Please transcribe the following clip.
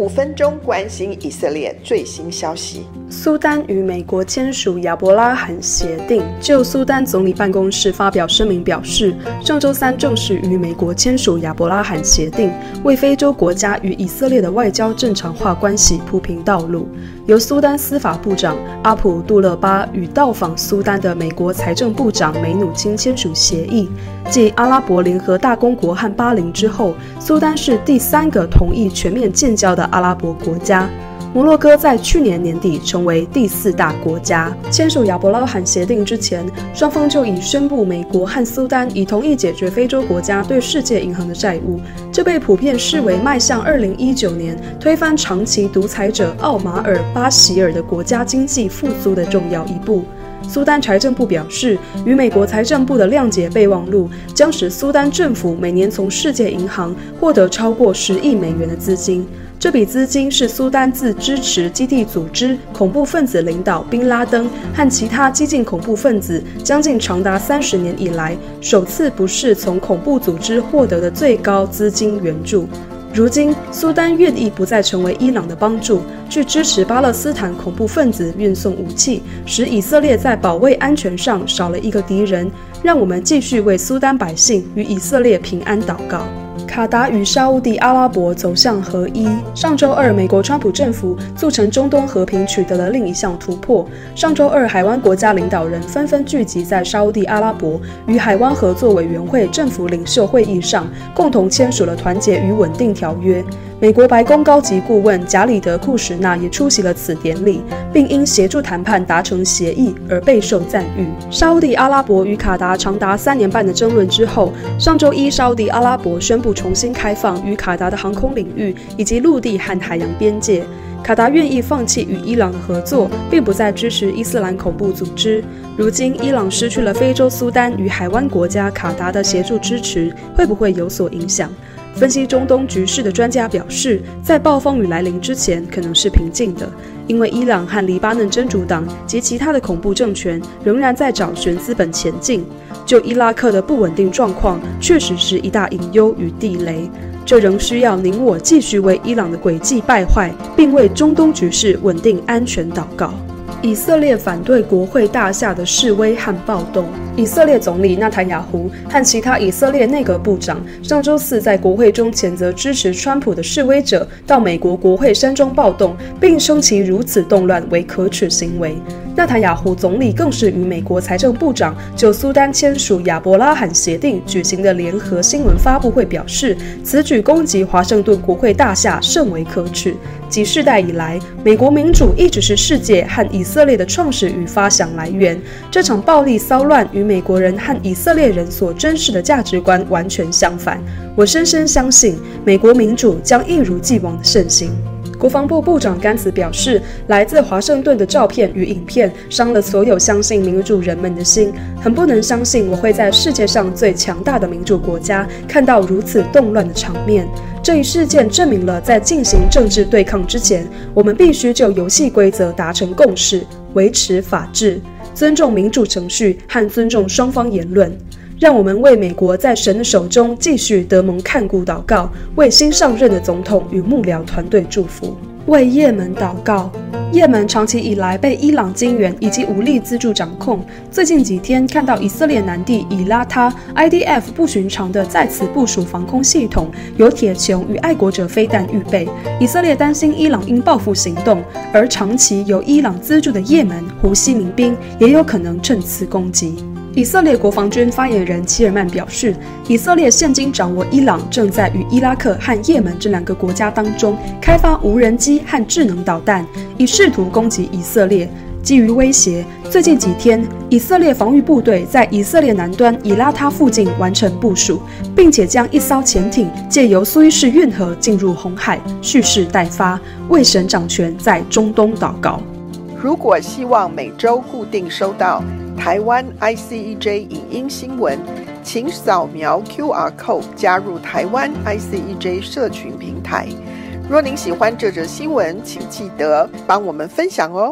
五分鐘關心以色列最新消息。蘇丹與美國簽署亞伯拉罕協定。就蘇丹總理辦公室發表聲明表示，上週三正式與美國簽署亞伯拉罕協定，為非洲國家與以色列的外交正常化關係鋪平道路。由蘇丹司法部長阿卜杜勒巴與到訪蘇丹的美國財政部長梅努欽簽署協議，繼阿拉伯聯合大公國和巴林之後，蘇丹是第三個同意全面建交的阿拉伯國家。摩洛哥在去年年底成為第四大國家。簽署《亞伯拉罕協定》之前，雙方就已宣布，美國和蘇丹已同意解決非洲國家對世界銀行的債務，這被普遍視為邁向2019年推翻長期獨裁者奧馬爾·巴席爾的國家經濟復蘇的重要一步。蘇丹財政部表示，與美國財政部的諒解備忘錄將使蘇丹政府每年從世界銀行獲得超過十億美元的資金。這筆資金是蘇丹自支持基地組織恐怖分子領導賓拉登和其他激進恐怖分子將近長達三十年以來，首次不是從恐怖組織獲得的最高資金援助。如今，蘇丹願意不再成為伊朗的幫助，去支持巴勒斯坦恐怖分子運送武器，使以色列在保衛安全上少了一個敵人。讓我們繼續為蘇丹百姓與以色列平安禱告。卡達與沙烏地阿拉伯走向合一。上週二，美國川普政府促成中東和平取得了另一項突破。上週二，海灣國家領導人紛紛聚集在沙烏地阿拉伯與海灣合作委員會政府領袖會議上，共同簽署了團結與穩定條約。美國白宮高級顧問賈里德·庫什納也出席了此典禮，並因協助談判達成協議而備受讚譽。沙烏地阿拉伯與卡達長達三年半的爭論之後，上周一，沙烏地阿拉伯宣佈重新開放與卡達的航空領域以及陸地和海洋邊界。卡達願意放棄與伊朗的合作，並不再支持伊斯蘭恐怖組織。如今，伊朗失去了非洲蘇丹與海灣國家卡達的協助支持，會不會有所影響？分析中東局勢的專家表示，在暴風雨來臨之前，可能是平靜的，因為伊朗和黎巴嫩真主黨及其他的恐怖政權仍然在找尋資本前進。就伊拉克的不穩定狀況，確實是一大隱憂與地雷，這仍需要您我繼續為伊朗的詭計敗壞，並為中東局勢穩定安全禱告。以色列反對國會大廈的示威和暴動。以色列總理納塔亞胡和其他以色列內閣部長上週四在國會中譴責支持川普的示威者到美國國會山中暴動，並稱其如此動亂為可恥行為。納塔雅胡總理更是與美國財政部長就蘇丹簽署《亞伯拉罕協定》舉行的聯合新聞發布會表示，此舉攻擊華盛頓國會大廈甚為可恥。幾世代以來，美國民主一直是世界和以色列的創始與發想來源。這場暴力騷亂與美國人和以色列人所珍視的價值觀完全相反。我深深相信，美國民主將一如既往的盛行。國防部部長甘茨表示，來自華盛頓的照片與影片傷了所有相信民主人們的心。很不能相信我會在世界上最強大的民主國家看到如此動亂的場面。這一事件證明了，在進行政治對抗之前，我們必須就遊戲規則達成共識，維持法治，尊重民主程序、和尊重雙方言論。讓我們為美國在神的手中繼續得蒙看顧禱告，為新上任的總統與幕僚團隊祝福，為也門禱告。也門長期以來被伊朗、金援以及武力資助掌控，最近幾天看到以色列南地以拉他 IDF 不尋常的再次部署防空系統，有鐵穹與愛國者飛彈預備。以色列擔心伊朗因報復行動而長期由伊朗資助的也門胡西民兵也有可能趁此攻擊。以色列國防軍發言人齊爾曼表示，以色列現今掌握伊朗正在與伊拉克和葉門這兩個國家當中開發無人機和智能導彈，以試圖攻擊以色列。基於威脅，最近幾天，以色列防禦部隊在以色列南端以拉他附近完成部署，並且將一艘潛艇借由蘇伊士運河進入紅海，蓄勢待發。為神掌權，在中東禱告。如果希望每週固定收到，台灣 ICEJ 影音新聞，請掃描 QR code 加入台灣 ICEJ 社群平台。若您喜歡這則新聞，請記得幫我們分享哦。